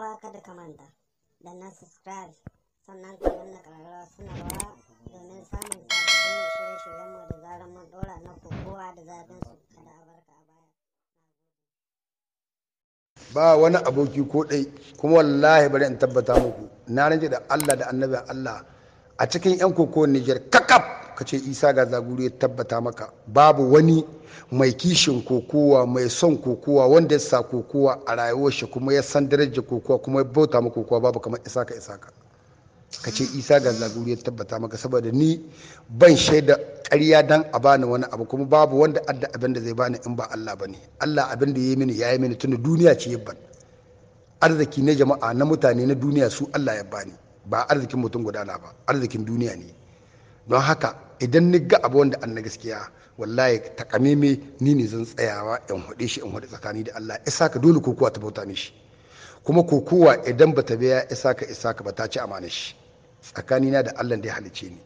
uwa kada ka manta da na subscribe sannan ka danna ƙararrawa sanarwa domin samun sabbin shirye-shiryenmu da zarar mun ɗora na kowa da zafin su kada a a baya. Ba wani aboki ko ɗai kuma wallahi bari in tabbata muku na rage da Allah da annabi Allah a cikin 'yan koko niger kakaf ka ce isa ga zaguru ya tabbata maka babu wani mai kishin kokowa mai son kokowa wanda ya sa kokowa a rayuwar shi kuma ya san darajar kokowa kuma ya bauta ma kokowa babu kamar isa ka isa ka ka ce isa ga zaguru ya tabbata maka saboda ni ban shaida karya dan a bani wani abu kuma babu wanda adda abin da zai bani in ba Allah bane Allah abin da ya yi mini ya yi mini tunda duniya ce yabban arziki na jama'a na mutane na duniya su Allah ya bani ba arzikin mutum guda na ba arzikin duniya ne don haka idan ni ga abu wanda an na gaskiya wallahi takameme ni ne zan tsayawa in hude shi in hude tsakani da Allah isa ka dole kokowa ta bauta shi kuma kokowa idan ba ta biya isa ka isa ka ta ci amana shi tsakani na da Allah da ya halice ni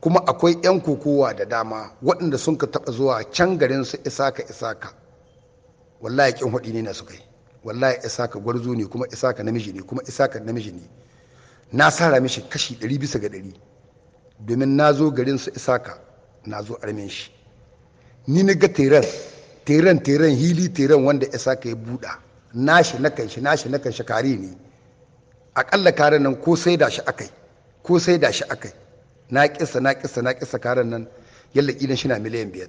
kuma akwai yan kokowa da dama waɗanda sun ka taɓa zuwa can garin su isa ka isa ka wallahi kin hudu ne na su kai wallahi isa ka gwarzo ne kuma isa ka namiji ne kuma isa ka namiji ne na sara mishi kashi 100 bisa ga 100 domin na zo garin su isaka na zo armen shi ni na ga teran teran teran hili teran wanda isaka ya buɗa nashi na kanshi nashi na kanshi kare ne akalla kare nan ko sai da shi akai ko sai da shi akai na kisa na kisa na kisa karen nan yalla idan shi na miliyan biyar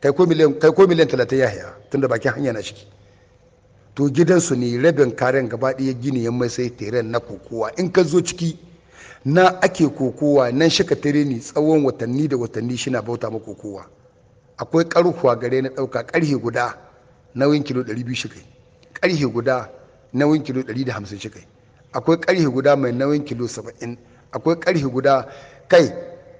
kai ko miliyan kai ko miliyan talatin ya haya tunda bakin hanya na ciki to gidansu ne rabin karen gaba ɗaya gini ya mai sai teren na kokowa in ka zo ciki na ake kokowa nan shika tare ni tsawon watanni da watanni shi na bauta ma kokowa akwai karhuwa gare na ɗauka karhe guda nauyin kilo 200 shi kai karhe guda nauyin kilo 150 shi kai akwai karhe guda mai nauyin kilo 70 akwai karhe guda kai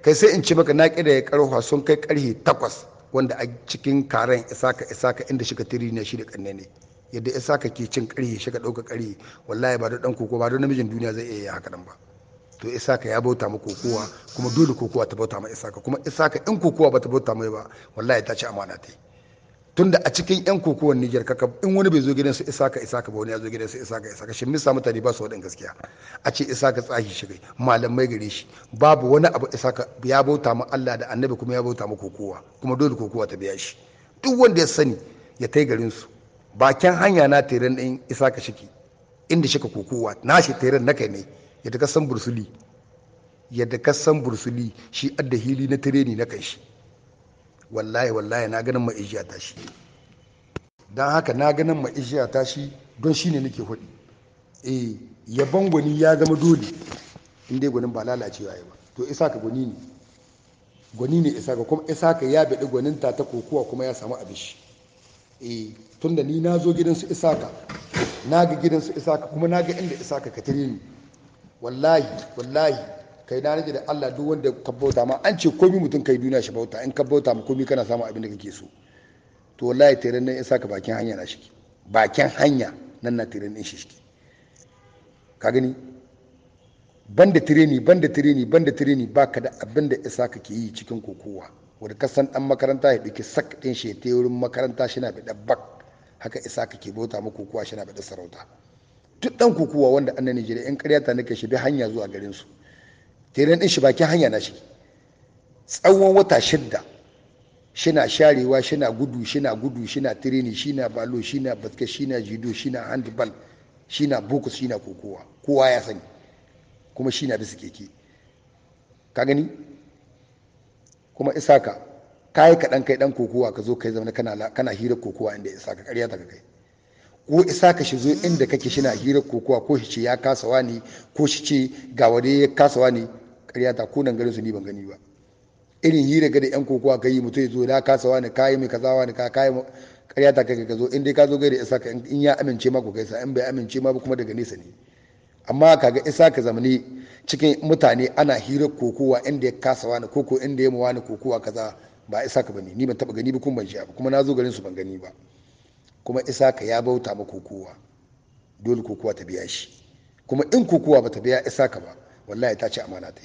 kai sai in ce maka na kira ya karhuwa sun kai karhe 8 wanda a cikin karen isaka isaka inda shika tare ni shi da kanne ne yadda isaka ke cin karhe shi ka ɗauka karhe wallahi ba da ɗan koko ba da namijin duniya zai iya yi haka nan ba to isaka ya bauta mu kokowa kuma dole kokowa ta bauta ma isaka kuma isaka in kokowa ba ta bauta mai ba wallahi ta ci amana ta tunda a cikin yan kokowar Niger kaka in wani bai zo gidan su isaka isaka ba wani ya zo gidan su isaka isaka shin misa mutane ba su wadin gaskiya a ce isaka tsahi shi gai malamai gare shi babu wani abu isaka ya bauta ma Allah da annabi kuma ya bauta ma kokowa kuma dole kokowa ta biya shi duk wanda ya sani ya tai garin su bakin hanya na tairan din isaka shiki inda shika kokowa na shi na kai ne yadda ka san bursuli yadda ka san bursuli shi adda hili na tireni na kanshi shi wallahi wallahi na ganin ma'ijiya ta shi don haka na ganin ma'ijiya ta shi don shi ne nake hudu e eh, yabon gwani ya zama dole in dai gwanin ba lalacewa ya ba to isa ka gwani ne gwani ne isa ka kuma isa ka ya bedi gwanin ta ta kokowa kuma ya samu abin shi tun eh, tunda ni na zo gidansu isa ka na ga gidansu isa ka kuma na ga inda isa ka ka tare ni wallahi wallahi kai na rage da Allah duk wanda ka bauta ma an ce komi mutum kai duniya shi bauta in ka bauta ma komi kana samun abin da kake so to wallahi tiran nan in saka bakin hanya na shiki bakin hanya nan na tiran din shi shiki ka gani banda tireni banda tireni banda tireni baka da abin da isa kake yi cikin kokowa wanda ka san dan makaranta ya duki sak din shi ta wurin makaranta shi na da bak haka isa kake bauta ma kokowa shi na da sarauta duk dan kukuwa wanda an na Najeriya in ƙarya ta nake shi bi hanya zuwa garin su teren din shi bakin hanya na shi tsawon wata shidda shina sharewa shina gudu shina gudu shina tireni shina balo shina basket shina jido shina handball shina bokus shina kukuwa kowa ya sani kuma shina bisa keke ka gani kuma isaka ka yi kaɗan kai ɗan kokowa ka zo ka yi zama kana hira kokowa inda isaka ƙarya ta kai ko isa ka shi zo inda kake shi na hira kokowa ko shi ce ya kasa wani ko shi ce ga wani ya kasa wani ƙarya ta ko nan garin su ni ban gani ba irin hira ga da yan kokowa kai mutum ya zo ya kasa wani kayi mai kaza wani ka kayi ƙarya ta kai ka zo in dai ka zo gaida isa ka in ya amince ma ko kai sa in bai amince ma ba kuma daga nesa ne amma kaga isa ka zamani cikin mutane ana hira kokowa inda ya kasa wani koko inda ya mu wani kokowa kaza ba isa ka bane ni ban taba gani ba kuma ban shi ba kuma na zo garin su ban gani ba kuma isaka ya bauta ma kokowa dole kokowa ta biya shi kuma in kokowa ba ta biya isaka ba wallahi ta ci amana ta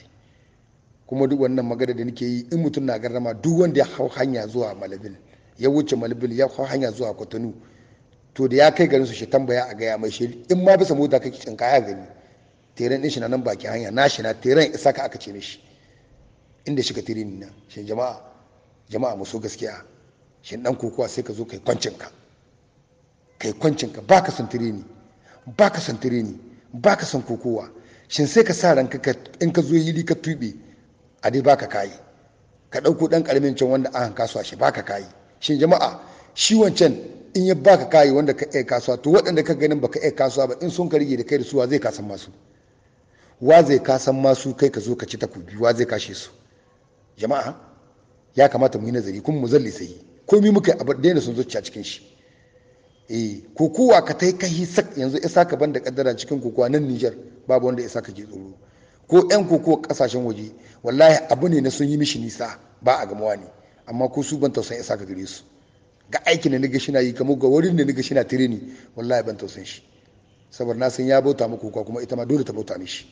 kuma duk wannan magana da nake yi in mutum na garrama duk wanda ya hau hanya zuwa malabil ya wuce malabil ya hau hanya zuwa kwatanu to da ya kai garin su shi tambaya a gaya mai shi in ma bisa mota kake cin kaya gani teren din shi na nan bakin hanya na shi na teren isaka aka ce mishi inda shi ka tiri nan shin jama'a jama'a mu gaskiya shin dan kokowa sai ka zo kai kwancin ka kai kwancinka ba ka son tireni ba ka son tireni ba ka son kokowa shin sai ka sa ranka in ka zo yiri ka tuɓe a dai ba ka ka ɗauko ɗan ƙaramin can wanda an kasuwa shi ba ka shin jama'a shi wancan in ya ba ka kayi wanda ka iya kasuwa to waɗanda ka ganin ba ka iya kasuwa ba in sun ka rige da kai da suwa zai kasan masu wa zai kasan masu kai ka zo ka ci takobi wa zai kashe su jama'a ya kamata mu yi nazari kuma mu zalli sai komai muka abu daina sun zuciya cikin shi eh kokowa ka tai kai sak yanzu isa ka banda kaddara cikin kokowa nan Niger babu wanda isa ka je tsoro ko yan kokowa kasashen waje wallahi abu ne na sun yi mishi nisa ba a gamawa ne amma ko su ban tausayin isa ka gare su ga aikin da niga shina yi kamar ga wurin da niga shina tireni wallahi ban tausayin shi saboda na san ya bauta muku kokowa kuma ita ma dole ta bauta mishi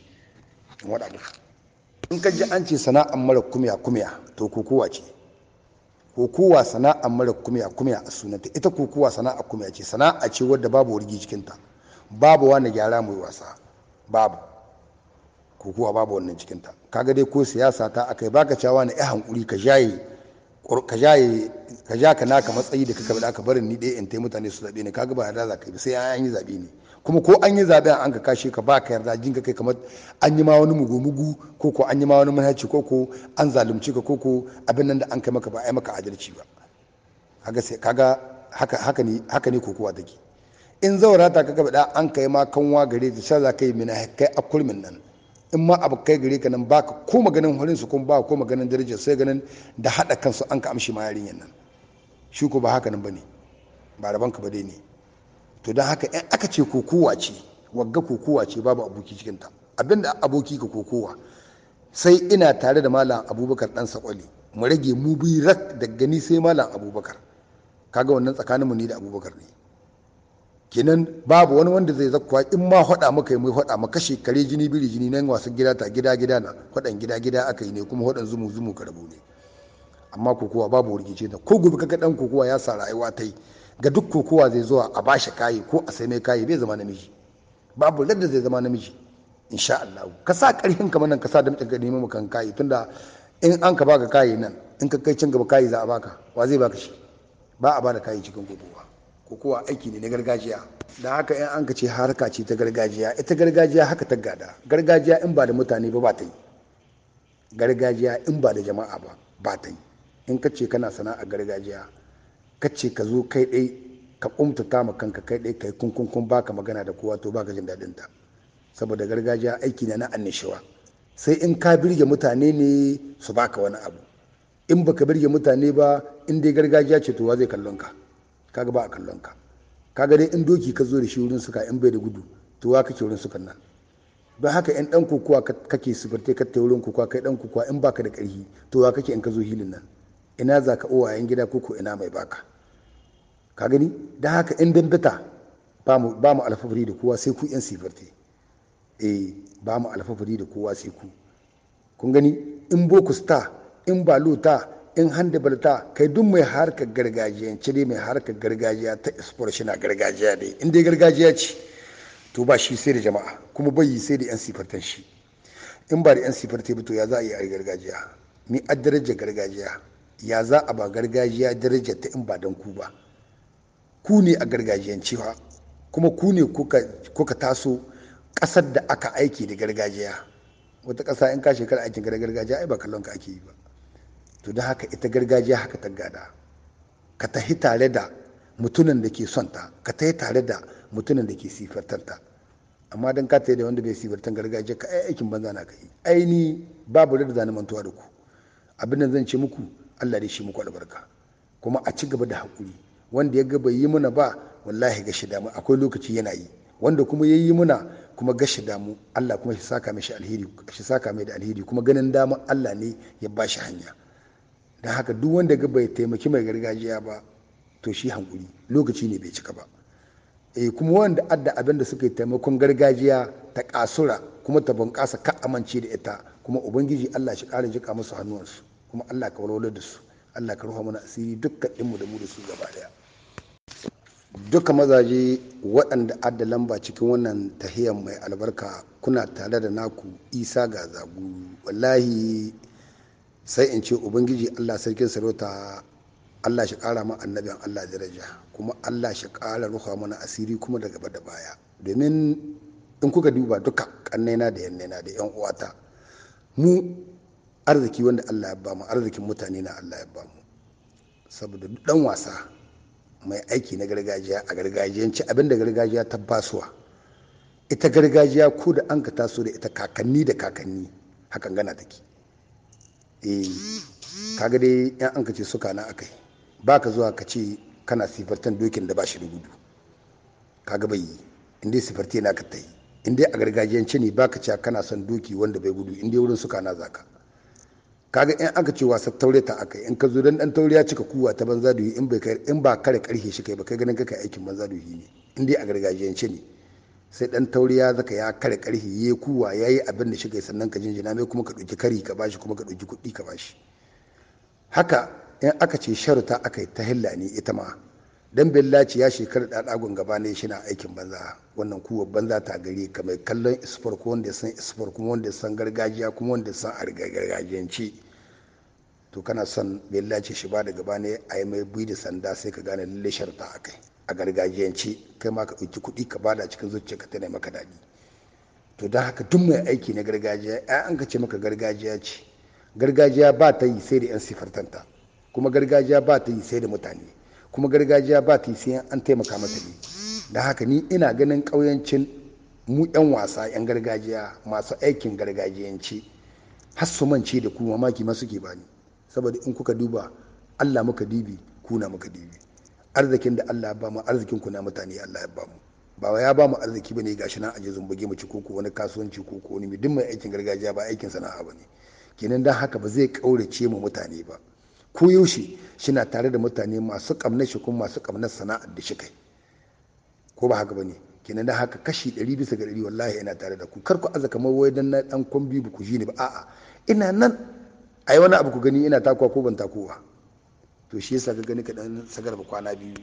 in wada in ka ji an ce sana'an mara kumiya-kumiya, to kokowa ce kokowa sana'a mara kumya kumya a sunanta ita kokowa sana'a kumya ce sana'a ce wadda babu wargi cikinta babu wani gyara mai wasa babu kokowa babu wannan cikinta kaga dai ko siyasa ta akai baka cewa na ya hankuri ka jaye ka jaye ka ja ka naka matsayi da kaka bada aka barin ni dai in taimuta mutane su zabe ne kaga ba da za ka yi sai an yi zabe ne kuma ko an yi zaɓe an ka kashe ka ba ka yarda jin ka kai kamar an yi ma wani mugu-mugu ko ko an yi ma wani manhaci ko ko an zalunci ka ko ko abin nan da an kai maka ba a yi maka adalci ba kaga sai kaga haka ne haka ne kokowa take in zaura ta kaga bada an kai ma kanwa gare ta sai za kai mina kai akulmin nan in ma abu kai gare ka nan ba ka ko maganin horin su kun ba ko maganin darajar sai ganin da hada kansu an ka amshi ma yarinyan nan shi ko ba haka nan bane ba rabanka ba dai ne to don haka in aka ce kokowa ce wagga kokowa ce babu aboki cikinta abinda aboki ka kokowa sai ina tare da malam abubakar dan sakwali mu rage mu bi rak da gani sai malam abubakar kaga wannan tsakaninmu ne da abubakar ne kenan babu wani wanda zai zakkuwa in ma hada maka yi mai hada maka shekare jini biri jini nan wasu gida ta gida gida na hadan gida gida aka yi ne kuma hadan zumu zumu ka rabu ne amma kokowa babu wargice ta ko gobe kaga dan kokowa ya sa rayuwa ta yi ga duk kokowa zai zuwa a ba shi kayi ko a sai mai kayi bai zama namiji babu ladda zai zama namiji insha Allah ka sa karfin kamar nan ka sa damtsin ka nemi kan kayi tunda in an ka baka kayi nan in ka kai can gaba kayi za a baka wa zai baka shi ba a bada kayi cikin kokowa kokowa aiki ne na gargajiya da haka in an ka ce harka ce ta gargajiya ita gargajiya haka ta gada gargajiya in ba da mutane ba ba ta yi gargajiya in ba da jama'a ba ba ta yi in ka ce kana sana'a gargajiya ka ce ka zo kai dai ka umtata ma kanka kai dai kai kun baka magana da kowa to baka jin dadin ta saboda gargajiya aiki ne na annishawa sai in ka birge mutane ne su baka wani abu in baka birge mutane ba in dai gargajiya ce to wa zai kallon ka kaga ba a kallon ka kaga dai in doki ka zo da shi wurin suka in bai da gudu to wa kake wurin suka nan don haka yan dan kokowa kake sifirte ka ta wurin kokowa kai dan kokowa in baka da karfi to wa kake in ka zo hilin nan ina za ka uwayen gida ko ina mai baka ka gani da haka in dambata ba mu alfafari da kowa sai ku yan sifirte eh ba mu alfafari da kowa sai ku kun gani in boko star in ta in handibal ta kai duk mai harkar ci dai mai harkar gargajiya ta sport shi na gargajiya dai in dai gargajiya ce to ba shi sai da jama'a kuma bai yi sai da yan sifartan shi in ba da yan sifartai ba to ya za a yi a gargajiya ni addarajar gargajiya ya za a ba gargajiya darajar ta in ba don ku ba ku ne a gargajiyan cewa kuma ku ne kuka taso ƙasar da aka aiki da gargajiya wata ƙasa in ka shekara aikin gargajiya ai ba kallon ka ake yi ba to don haka ita gargajiya haka ta gada ka tahi tare da mutunan da ke son ta ka tahi tare da mutunan da ke sifartar ta amma don ka tahi da wanda bai sifartar gargajiya ka ai aikin banza na kai ai ni babu rarraza na mantuwa da ku abin da zan ce muku Allah da shi muku albarka kuma a ci gaba da hakuri wanda ya ga bai yi muna ba wallahi gashi damu akwai lokaci yana yi wanda kuma ya yi muna kuma shi damu Allah kuma shi saka mishi mai da alheri kuma ganin dama Allah ne ya ba shi hanya don haka duk wanda ga bai taimaki mai gargajiya ba to shi hankuri lokaci ne bai cika ba eh kuma wanda adda abin da suka yi taimakon gargajiya ta kasura kuma ta bunƙasa ka amince da ita kuma ubangiji Allah shi ƙara jika musu hannuwansu kuma Allah ka walwalar da su Allah ka ruha mana asiri dukkan ɗinmu da mu da su gaba daya duka mazaje waɗanda adda lamba cikin wannan tahiyar mai albarka kuna tare da naku isa ga zagu wallahi sai in ce ubangiji allah sarkin sarauta allah shi ƙara ma annabin allah daraja kuma allah shi ƙara ruha mana asiri kuma da gaba da baya domin in kuka duba duka ƙannena da yannena da yan uwata mu arziki wanda Allah ya bamu arzikin mutane na Allah ya bamu saboda dan wasa mai aiki na gargajiya a gargajiyanci abin da gargajiya ta basuwa ita gargajiya ko da an ka taso da ita kakanni da kakanni hakan gana take eh kaga dai yan an ka ce suka na akai baka zuwa ka ce kana sifartan dokin da ba shi da gudu kaga bai yi inda sifarti na ka ta yi inda a gargajiyance ne baka cewa kana son doki wanda bai gudu inda wurin suka na zaka kaga in aka ce wasa taure ta akai in ka zo dan dan taure ya cika kuwa ta banza duhi in bai in ba kare karhe shi kai ba kai ganin kaka aikin banza duhi ne in dai a gargajiyance ne sai dan taure ya zaka ya kare karhe yayi kuwa yayi abin da shi kai sannan ka jinjina mai kuma ka dauki kari ka bashi kuma ka dauki kuɗi ka bashi haka in aka ce sharuta akayi ta hilla ne ita ma dan billaci ya shekara da dagon gaba ne shi na aikin banza wannan kuwa banza ta gari ka mai kallon isfar ko wanda ya san isfar kuma wanda ya san gargajiya kuma wanda san a gargajiyance to kana son bella ce shi ba da gaba ne a yi mai bui da sanda sai ka gane lalle sharta a kai a gargajiyanci kai ma ka ɗauki kuɗi ka bada cikin zuciya ka tana maka daɗi to don haka duk mai aiki na gargajiya ya an ka ce maka gargajiya ce gargajiya ba ta yi sai da 'yan sifartanta kuma gargajiya ba ta yi sai da mutane kuma gargajiya ba ta yi sai an taimaka mata ne da haka ni ina ganin ƙauyancin mu 'yan wasa 'yan gargajiya masu aikin gargajiyanci hassumanci da kuma mamaki ma ke bani saboda in kuka duba Allah muka dibi kuna muka dibi arzikin da Allah ya bamu arzikin ku na mutane Allah ya bamu ba ya ba mu arziki bane gashi nan aje zumbage mu ci koko wani kasuwanci koko wani duk mai aikin gargajiya ba aikin sana'a bane kenan dan haka ba zai kaurace mu mutane ba ko yaushe shina tare da mutane masu kamnar shi kuma masu kamnar sana'ar da shi kai ko ba haka bane kenan da haka kashi 100 bisa ga 100 wallahi ina tare da ku kar ku aza kamar wai dan na dan kwambi ba ku ji ni ba a'a ina nan ai wani abu ku gani ina takuwa ko ban takuwa to shi yasa ka gani ka dan sagar kwana biyu